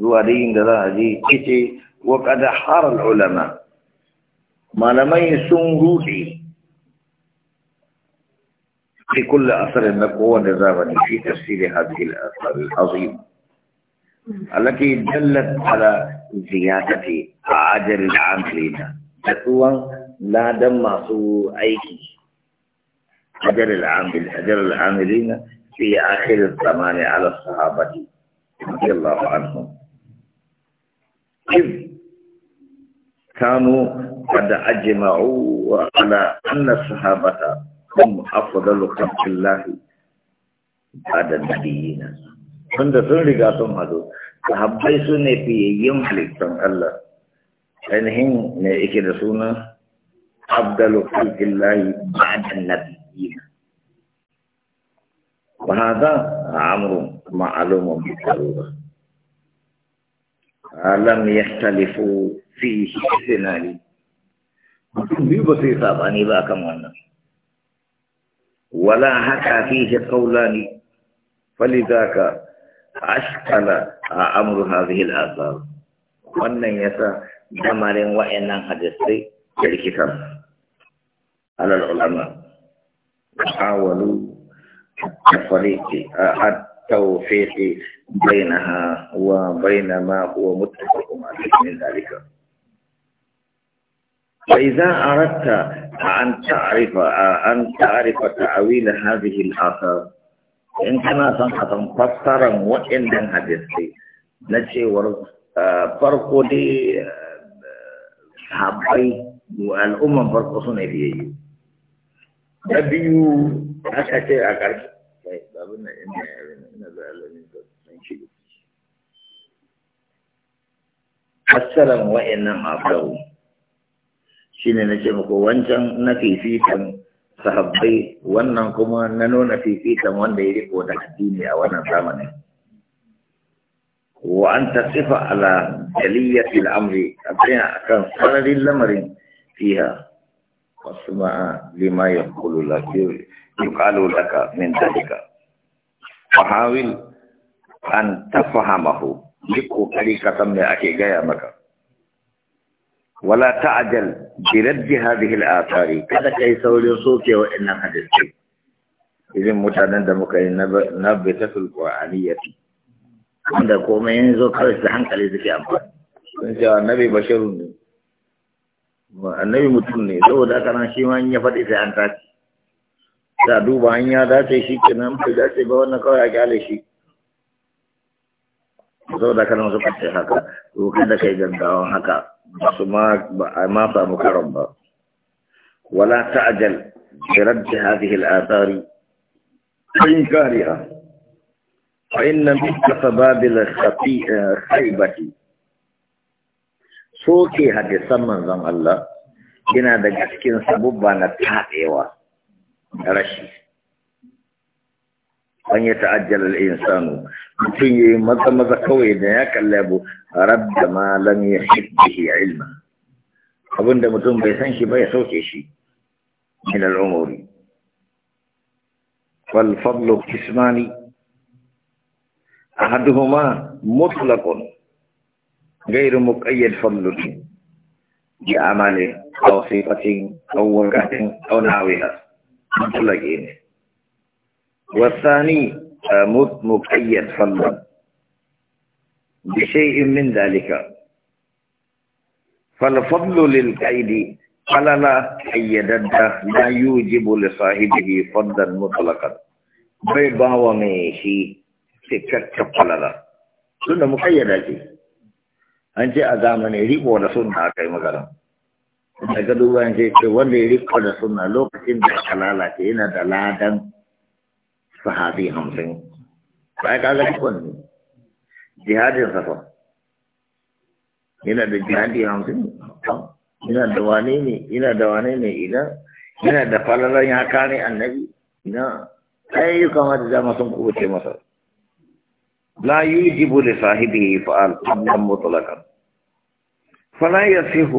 zuwa dai da za a je yace wa qad haral ulama في كل أثر نقوى نظامني في تفسير هذه الأثر العظيم التي دلت على زيادة عجر العاملين تقوى لا دم سوء أيكي أجر العامل أجر العاملين في آخر الزمان على الصحابة رضي الله عنهم إذ كانوا قد أجمعوا على أن الصحابة هم أفضل خلق الله بعد النبيين عند سنة قاتم هذا صحابي سنة في يوم خلق الله أنهم نأكل رسولنا أفضل خلق الله بعد النبيين وهذا عمر معلوم بالضرورة lam yahtalifu fi sinani mutum biyu ba su yi ba kan wannan wala haka fihi qawlani falidaka ashkala a amru hadhihi al-athar wannan yasa damarin wa'annan hadisi ya rikitar alal ulama hawalu tafariqi a التوفيق بينها وبين ما هو متفق عليه من ذلك فإذا أردت أن تعرف أن تعرف تعويل هذه الآثار إن كان صنعة فسرا وإن لم حدثت نجي آه، فرق فرقو آه، صحابي والأمم فرق صنعي بيجي نبيو kai babin na ina yare na shine na ce muku wancan na fifikan sahabbai wannan kuma na nuna fifikan wanda ya riko da addini a wannan zamanin wa an tsifa ala jaliyatil amri a akan sanarin lamarin fiha Kwasuma'a limaye kulula shi ne shi ƙalun daga min daɗi an tafahama ku. Keko kaɗi ka san me ake gaya maka? Wala ajal jal, jiragen har bi heli a Sari. Kada ka yi saurin sokewa ina hada yaushe. Idan mutanen da muka yi na bi ta filo wa Ali ya fi. Kada kuma yanzu karas da hankali Bashiru ne. annabi mutum ne saboda haka nan shi ma in ya fadi sai an tashi da duba an ya dace shi kenan bai dace ba wannan kawai a kyale shi saboda haka nan suka ce haka to kada kai gaggawan haka ba su ma ba a ma samu karon ba wala ta'jal bi radd hadhihi al-athari in kariha fa inna min sabab al-khati'ati soke hadisan manzon Allah yana da cikin sabubba na taɓewa da rashi an yi ta'ajjal al'insanu mutum yi maza maza kawai da ya kalli abu rabda ma lam ya a ilma abinda mutum bai san shi ba ya sauke shi min al'umuri wal fadlu kismani ahaduhuma mutlaqun غير مقيد يا بأعمال أو صفة أو وقعة أو نحوها مطلقين والثاني موت مقيد فضل بشيء من ذلك فالفضل للقيد لا قيدد لا يوجب لصاحبه فضلا مطلقا بيباومي سكت تكتب لا سنة مقيدة an ce a zamani riko da suna aka yi magana daga duba ce ce wanda ya riko da suna lokacin da aka lalace yana da ladan sahabi hamsin ba ya ga rikon ne jihadin safa yana da jihadi hamsin yana da wane ne yana da wane ne idan yana da falalar ya kare annabi ina ayyukan wata zama sun kubuce masa لا يجب لصاحبه فعل قبلا مطلقا فلا يصح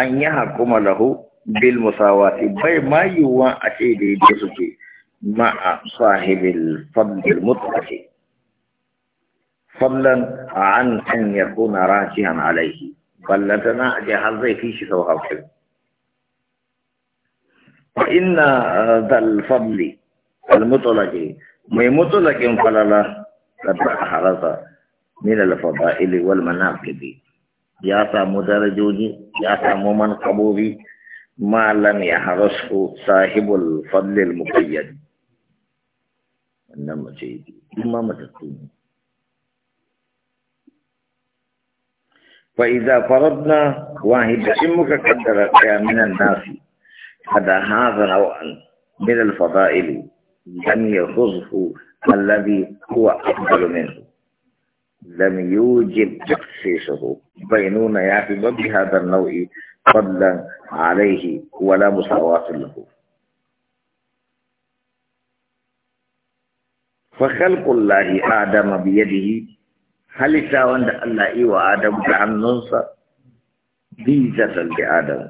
أن يحكم له بالمساواة بل ما يوا أشيدي جسكي مع صاحب الفضل المطلق فضلا عن أن يكون راجحا عليه بل لتنا جهاز في شسوها وكذا فإن ذا الفضل المطلق ما مطلق فلا قد أحرز من الفضائل والمناقب يا سامو درجوني يا سامو قبولي ما لم يحرسه صاحب الفضل المقيد إنما سيدي إما الدنيا فإذا فرضنا واحد امك قدر من الناس هذا هذا نوعا من الفضائل لم يخصه الذي هو أفضل منه لم يوجد تخصيصه بينون يعتبر بهذا النوع فضلا عليه ولا مساواة له فخلق الله آدم بيده هل تاوند الله إيوى آدم كعننصر بيزة لآدم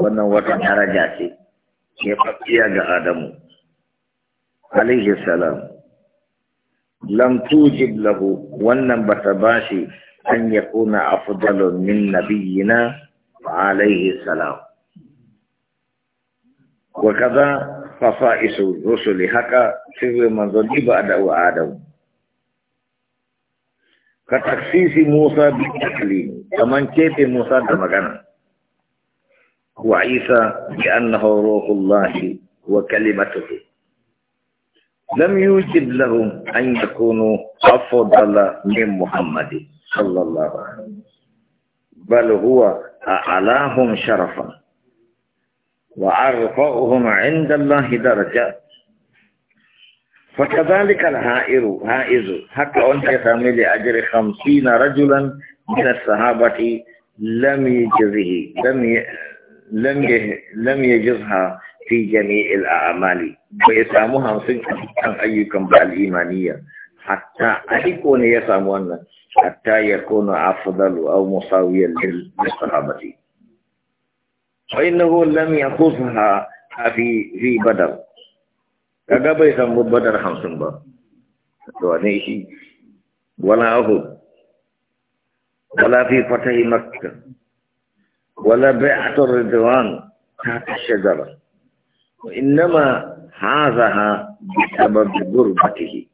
ونوة درجاتي يفقيا لآدم آدم عليه السلام lam tujib lahu wannan bata bashi an yakuna afdalu min nabiyina alaihi salam wa kaza fasa'isu rusuli haka sirri manzanni ba da wa adam ka taksisi musa bi akli kaman kefe musa da magana wa isa bi annahu ruhullahi wa kalimatuhu لم يوجب لهم أن يكونوا أفضل من محمد صلى الله عليه وسلم بل هو أعلاهم شرفا وأرفعهم عند الله درجة فكذلك الهائر هائز حتى أنت تعمل أجر خمسين رجلا من الصحابة لم يجزه لم ي... لم ي... لم يجزها في جميع الأعمال ويسامها صدقا أيكم بالإيمانية حتى أيكون يسامون حتى يكون أفضل أو مساويا للصحابة فإنه لم يخصها في في بدر كذا bai بدر badar hamsin ba ولا ne ولا في فتح مكة ولا fatahi الرضوان تحت الشجره وإنما هذا بسبب غربته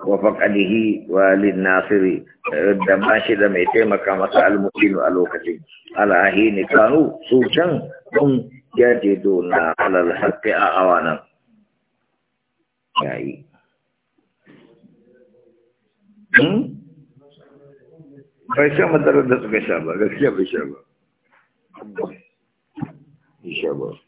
وفقده وللناصر الدماشي لم يتم كما المؤمن الوقتي على حين كانوا سوشا هم يجدون على الحق أعوانا يعني فإيش ما تردت بشابة قلت يا بشابة Inshallah